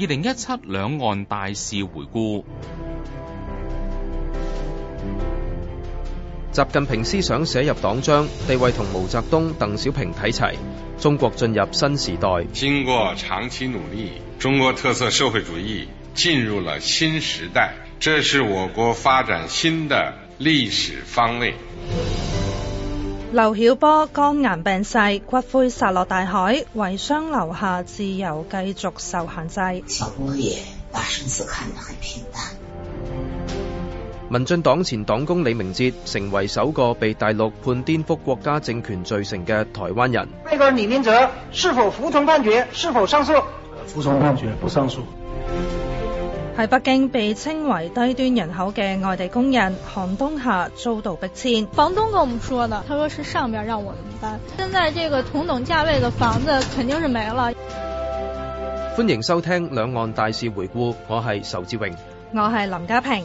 二零一七兩岸大事回顧。習近平思想寫入黨章，地位同毛澤東、鄧小平睇齊，中國進入新時代。經過長期努力，中國特色社會主義進入了新時代，這是我國發展新的歷史方位。劉曉波肝癌病逝，骨灰撒落大海，遺孀劉霞自由繼續受限制。民進黨前黨工李明哲成為首個被大陸判顛覆國家政權罪成嘅台灣人。被告李明哲是否服從判決？是否上訴？服從判決，不上訴。喺北京被稱為低端人口嘅外地工人，寒冬下遭到逼遷。房東跟我們說的，他說是上邊讓我們搬，現在這個同等價位嘅房子肯定是沒了。歡迎收聽兩岸大事回顧，我係仇志榮，我係林家平。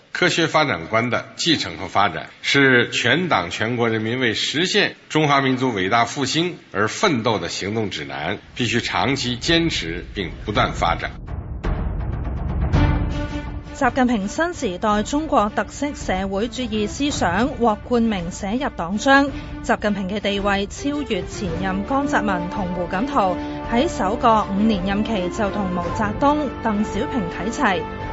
科學發展觀的繼承和發展，是全黨全國人民為實現中華民族偉大復興而奮鬥的行動指南，必須長期堅持並不斷發展。習近平新時代中國特色社會主義思想獲冠名寫入黨章，習近平嘅地位超越前任江澤民同胡錦濤，喺首個五年任期就同毛澤東、鄧小平睇齊。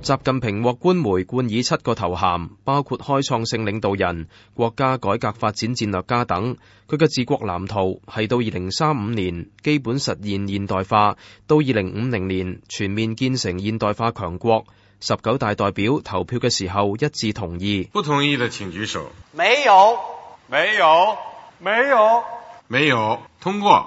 習近平獲官媒冠以七個頭銜，包括開創性領導人、國家改革發展戰略家等。佢嘅治國藍圖係到二零三五年基本實現現代化，到二零五零年全面建成現代化強國。十九大代表投票嘅時候一致同意，不同意的請舉手。沒有，沒有，沒有，沒有，通過。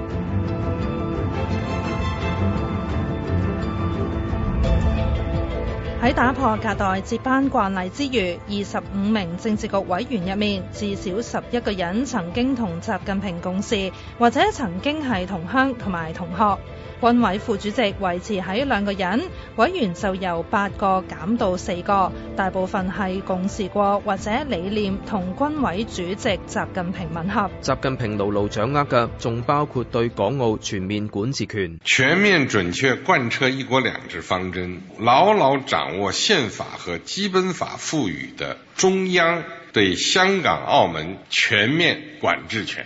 喺打破隔代接班慣例之餘，二十五名政治局委員入面，至少十一個人曾經同習近平共事，或者曾經係同鄉同埋同學。軍委副主席維持喺兩個人，委員就由八個減到四個，大部分係共事過，或者理念同軍委主席習近平吻合。習近平牢牢掌握嘅，仲包括對港澳全面管治權。全面準確貫徹一國兩制方針，牢牢掌握憲法和基本法賦予的中央對香港、澳門全面管治權。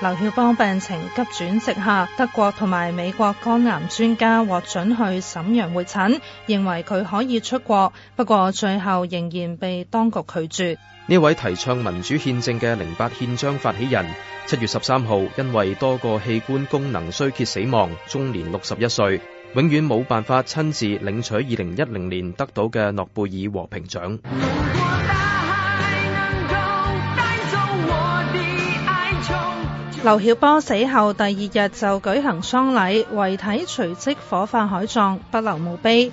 劉曉波病情急轉直下，德國同埋美國肝癌專家獲准去瀋陽會診，認為佢可以出國，不過最後仍然被當局拒絕。呢位提倡民主憲政嘅零八憲章發起人，七月十三號因為多個器官功能衰竭死亡，終年六十一歲，永遠冇辦法親自領取二零一零年得到嘅諾貝爾和平獎。 劉曉波死後第二日就舉行喪禮，遺體隨即火化海葬，不留墓碑。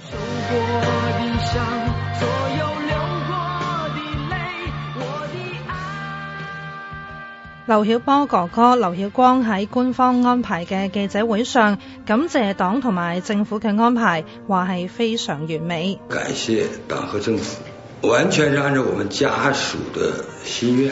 劉曉波哥哥劉曉光喺官方安排嘅記者會上，感謝黨同埋政府嘅安排，話係非常完美。感謝黨和政府，完全是按照我們家屬的心願。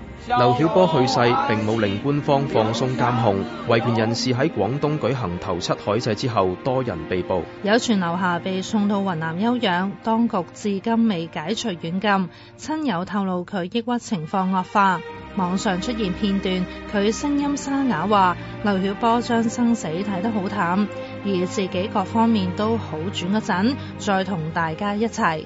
劉曉波去世，並冇令官方放鬆監控。維權人士喺廣東舉行頭七海祭之後，多人被捕。有傳劉霞被送到雲南休養，當局至今未解除軟禁。親友透露佢抑鬱情況惡化，網上出現片段，佢聲音沙啞話：劉曉波將生死睇得好淡，而自己各方面都好轉嗰陣，再同大家一齊。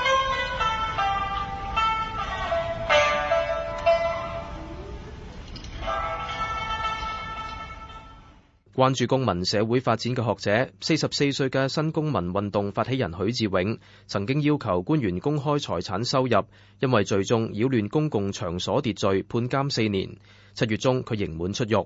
關注公民社會發展嘅學者，四十四歲嘅新公民運動發起人許志永，曾經要求官員公開財產收入，因為聚眾擾亂公共場所秩序判監四年，七月中佢刑滿出獄。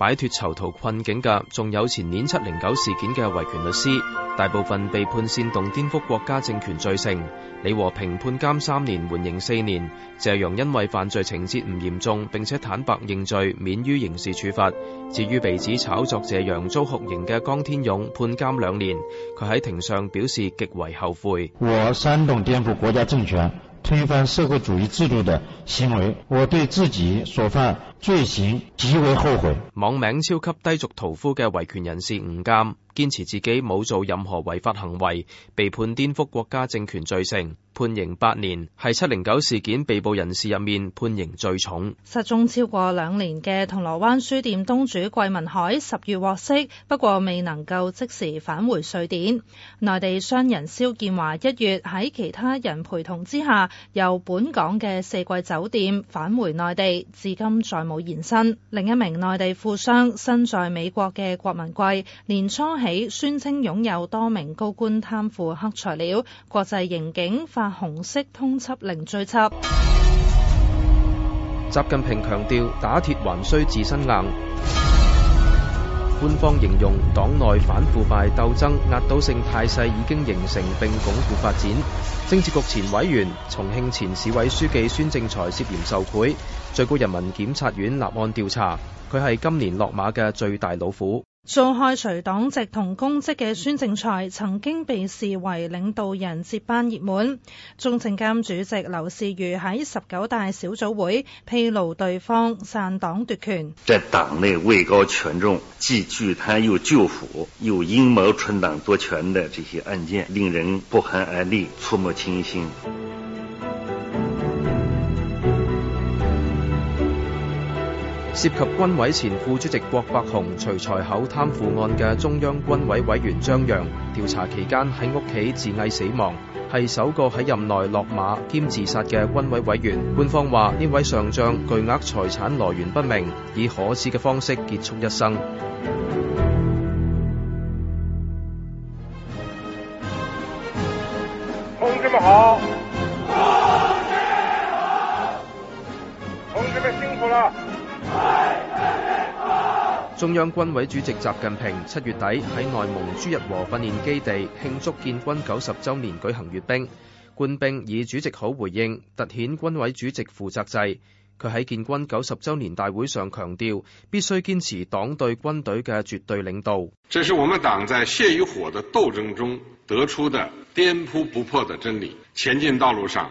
擺脫囚徒困境嘅，仲有前年七零九事件嘅維權律師，大部分被判煽動顛覆國家政權罪成。李和平判監三年，緩刑四年。謝陽因為犯罪情節唔嚴重，並且坦白認罪，免於刑事處罰。至於被指炒作謝陽遭酷刑嘅江天勇，判監兩年，佢喺庭上表示極為後悔。我煽動顛覆國家政權、推翻社會主義制度的行為，我對自己所犯罪行極為後悔。網名「超級低俗屠夫」嘅維權人士吳淦，堅持自己冇做任何違法行為，被判顛覆國家政權罪成，判刑八年，係七零九事件被捕人士入面判刑最重。失蹤超過兩年嘅銅鑼灣書店東主桂民海十月獲釋，不過未能夠即時返回瑞典。內地商人肖建華一月喺其他人陪同之下，由本港嘅四季酒店返回內地，至今在。冇現身，另一名內地富商身在美國嘅郭文貴，年初起宣稱擁有多名高官貪腐黑材料，國際刑警發紅色通緝令追緝。習近平強調，打鐵還需自身硬。官方形容黨內反腐敗鬥爭壓倒性態勢已經形成並鞏固發展。政治局前委員、重慶前市委書記孫政才涉嫌受賄，最高人民檢察院立案調查。佢係今年落馬嘅最大老虎。做開除黨籍同公職嘅孫政才，曾經被視為領導人接班熱門。中證監主席劉士余喺十九大小組會披露對方篡黨奪權。在黨內位高權重，既巨貪又巨腐，又陰謀篡黨奪權的這些案件，令人不寒而慄，觸目驚心。涉及軍委前副主席郭伯雄、徐才厚貪腐案嘅中央軍委委員張陽調查期間喺屋企自縊死亡，係首個喺任內落馬兼自殺嘅軍委委員。官方話呢位上將巨額財產來源不明，以可恥嘅方式結束一生。控制門口。中央軍委主席習近平七月底喺內蒙朱日和訓練基地慶祝建軍九十周年舉行閱兵，官兵以主席好回應，凸顯軍委主席負責制。佢喺建軍九十周年大會上強調，必須堅持黨對軍隊嘅絕對領導。這是我們黨在血與火的鬥爭中得出的顛撲不破的真理，前進道路上。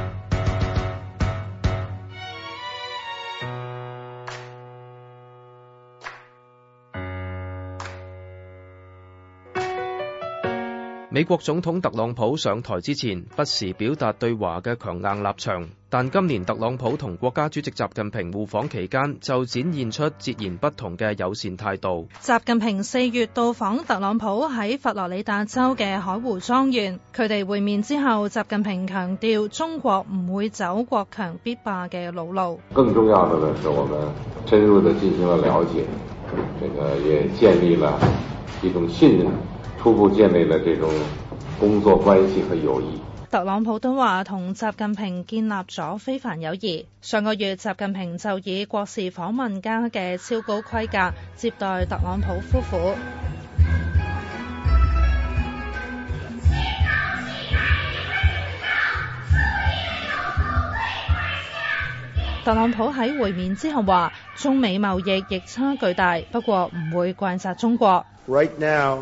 美國總統特朗普上台之前不時表達對華嘅強硬立場，但今年特朗普同國家主席習近平互訪期間就展現出截然不同嘅友善態度。習近平四月到訪特朗普喺佛羅里達州嘅海湖莊園，佢哋會面之後，習近平強調中國唔會走國強必霸嘅老路。更重要的呢，是我們深入地進行了了解，這個也建立了一種信任。初步建立了這種工作關係和友誼。特朗普都話同習近平建立咗非凡友誼。上個月習近平就以國事訪問加嘅超高規格接待特朗普夫婦。特朗普喺會面之後話，中美貿易逆差巨大，不過唔會怪責中國。Right now.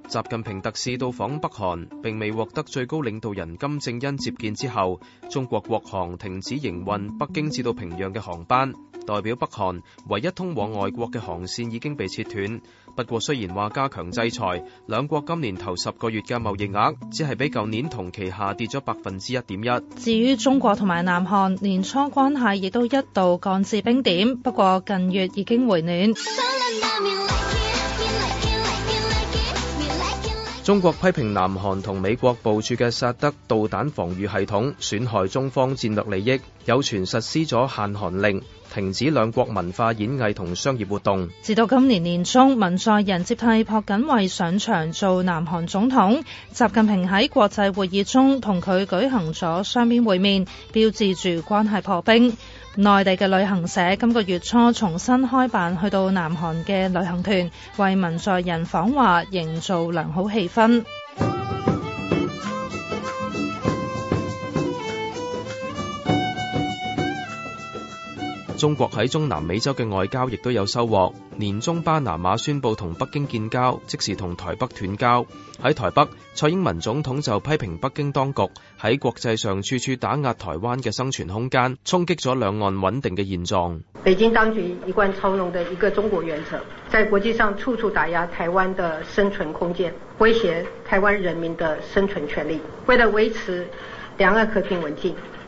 習近平特使到訪北韓並未獲得最高領導人金正恩接見之後，中國國航停止營運北京至到平壤嘅航班，代表北韓唯一通往外國嘅航線已經被切斷。不過雖然話加強制裁，兩國今年頭十個月嘅貿易額只係比舊年同期下跌咗百分之一點一。至於中國同埋南韓年初關係亦都一度降至冰點，不過近月已經回暖。中國批評南韓同美國部署嘅薩德導彈防御系統，損害中方戰略利益，有權實施咗限韓令。停止兩國文化演藝同商業活動。直到今年年中，文在寅接替朴槿惠上場做南韓總統，習近平喺國際會議中同佢舉行咗雙邊會面，標誌住關係破冰。內地嘅旅行社今個月初重新開辦去到南韓嘅旅行團，為文在寅訪華營造良好氣氛。中國喺中南美洲嘅外交亦都有收穫。年中巴拿馬宣布同北京建交，即時同台北斷交。喺台北，蔡英文總統就批評北京當局喺國際上處處打壓台灣嘅生存空間，衝擊咗兩岸穩定嘅現狀。北京當局一貫操弄嘅一個中國原則，在國際上處處打壓台灣的生存空間，威脅台灣人民的生存權利，為了維持兩岸和平穩定。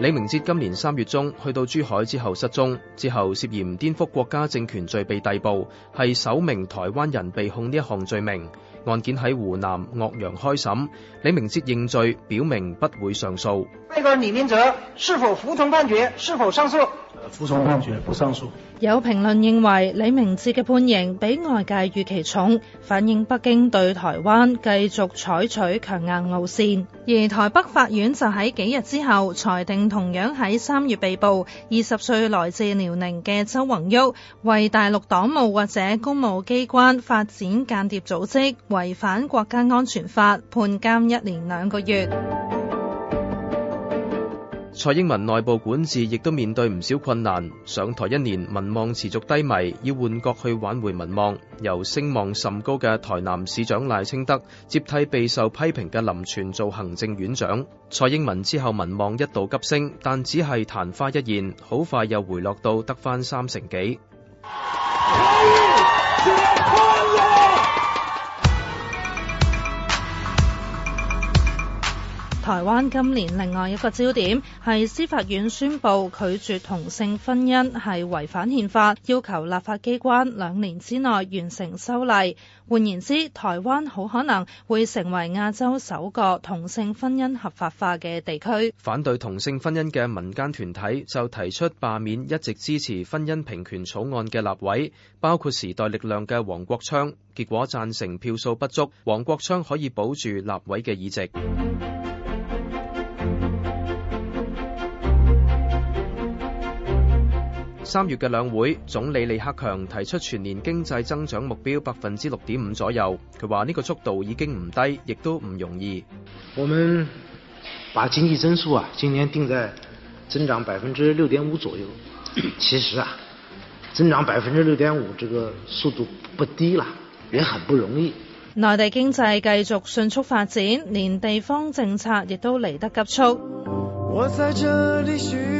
李明哲今年三月中去到珠海之後失蹤，之後涉嫌顛覆國家政權罪被逮捕，係首名台灣人被控呢一項罪名。案件喺湖南岳陽開審，李明哲認罪，表明不會上訴。被告李明哲是否服從判決？是否上訴？服從判決，不上訴。有評論認為，李明哲嘅判刑比外界預期重，反映北京對台灣繼續採取強硬路線。而台北法院就喺幾日之後裁定，同樣喺三月被捕、二十歲來自遼寧嘅周宏旭，為大陸黨務或者公務機關發展間諜組織。違反國家安全法，判監一年兩個月。蔡英文內部管治亦都面對唔少困難，上台一年民望持續低迷，要換角去挽回民望。由聲望甚高嘅台南市長賴清德接替備受批評嘅林全做行政院長。蔡英文之後民望一度急升，但只係曇花一現，好快又回落到得返三成幾。 台灣今年另外一個焦點，係司法院宣布拒絕同性婚姻，係違反憲法，要求立法機關兩年之內完成修例。換言之，台灣好可能會成為亞洲首個同性婚姻合法化嘅地區。反對同性婚姻嘅民間團體就提出罷免一直支持婚姻平權草案嘅立委，包括時代力量嘅黃國昌。結果贊成票數不足，黃國昌可以保住立委嘅議席。三月嘅兩會，總理李克強提出全年經濟增長目標百分之六點五左右。佢話呢個速度已經唔低，亦都唔容易。我們把經濟增速啊，今年定在增長百分之六點五左右。其實啊，增長百分之六點五，這個速度不低啦，也很不容易。內地經濟繼續迅速發展，連地方政策亦都嚟得急促。我在這裏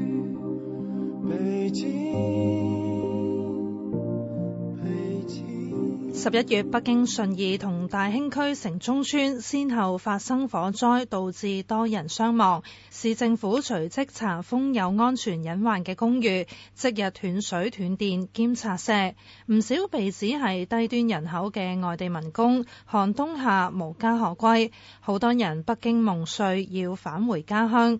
十一月，北京順義同大興區城中村先後發生火災，導致多人傷亡。市政府隨即查封有安全隱患嘅公寓，即日斷水斷電兼拆卸。唔少被指係低端人口嘅外地民工，寒冬下無家可歸，好多人北京夢碎要返回家鄉。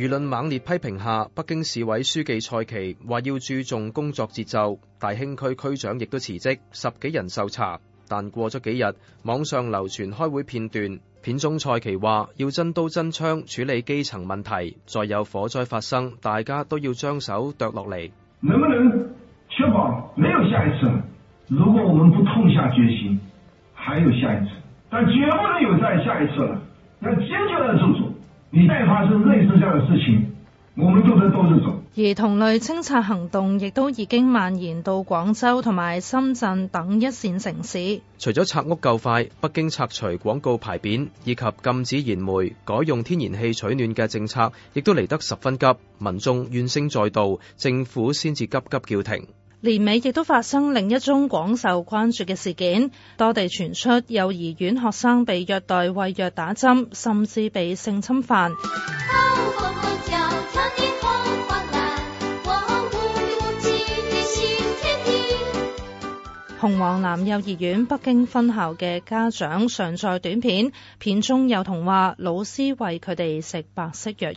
輿論猛烈批評下，北京市委書記蔡奇話要注重工作節奏，大興區區長亦都辭職，十幾人受查。但過咗幾日，網上流傳開會片段，片中蔡奇話要真刀真槍處理基層問題。再有火災發生，大家都要將手剁落嚟。能不能確保沒有下一次？如果我們不痛下決心，還有下一次，但絕不能有再下一次了。要堅決的做。做得，做得，而同類清拆行動亦都已經蔓延到廣州同埋深圳等一線城市。除咗拆屋夠快，北京拆除廣告牌匾以及禁止燃煤改用天然氣取暖嘅政策，亦都嚟得十分急，民眾怨聲載道，政府先至急急叫停。年尾亦都發生另一宗廣受關注嘅事件，多地傳出幼兒園學生被虐待餵藥打針，甚至被性侵犯。我我紅黃藍天天紅黃幼兒園北京分校嘅家長上載短片，片中有童話老師為佢哋食白色藥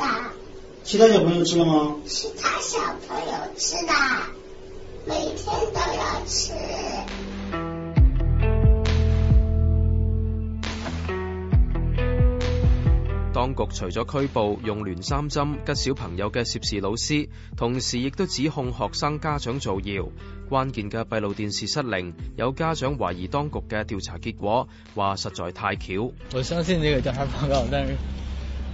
丸。其他小朋友吃了嗎？其他小朋友吃的，每天都要吃。當局除咗拘捕用聯三針吉小朋友嘅涉事老師，同時亦都指控學生家長造謠。關鍵嘅閉路電視失靈，有家長懷疑當局嘅調查結果，話實在太巧。我相信呢個調查報告，但是。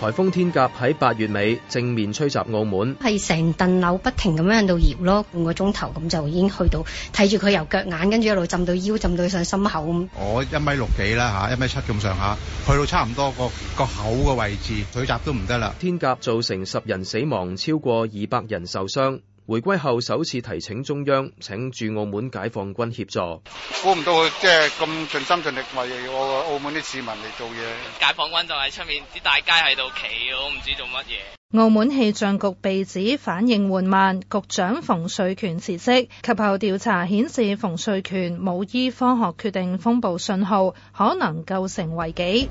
台風天鴿喺八月尾正面吹襲澳門，係成棟樓不停咁樣喺度搖咯，半個鐘頭咁就已經去到睇住佢由腳眼跟住一路浸到腰，浸到上心口。我一米六幾啦吓，一米七咁上下，去到差唔多個個口嘅位置，水閘都唔得啦。天鴿造成十人死亡，超過二百人受傷。回歸後首次提請中央，請駐，駐澳門解放軍協助，估唔到佢即係咁盡心盡力為澳門啲市民嚟做嘢。解放軍就喺出面啲大街喺度企，我唔知做乜嘢。澳門氣象局被指反應緩慢，局長馮瑞權辭職，及後調查顯示馮瑞權冇依科學決定風暴信號，可能構成違紀。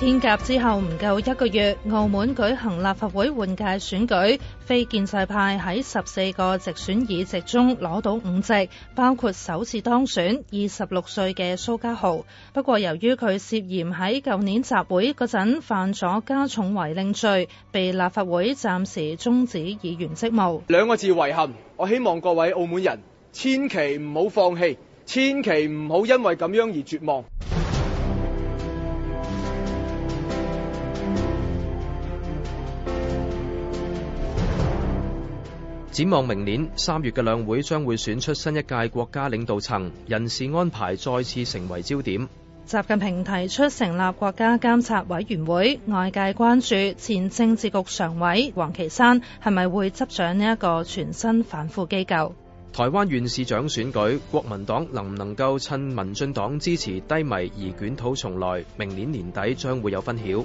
天鴿之後唔夠一個月，澳門舉行立法會換屆選舉，非建制派喺十四個直選議席中攞到五席，包括首次當選二十六歲嘅蘇嘉豪。不過由於佢涉嫌喺舊年集會嗰陣犯咗加重違令罪，被立法會暫時終止議員職務。兩個字遺憾，我希望各位澳門人千祈唔好放棄，千祈唔好因為咁樣而絕望。展望明年三月嘅兩會，將會選出新一屆國家領導層，人事安排再次成為焦點。習近平提出成立國家監察委員會，外界關注前政治局常委王岐山係咪會執掌呢一個全新反腐機構。台灣縣市長選舉，國民黨能唔能夠趁民進黨支持低迷而捲土重來？明年年底將會有分曉。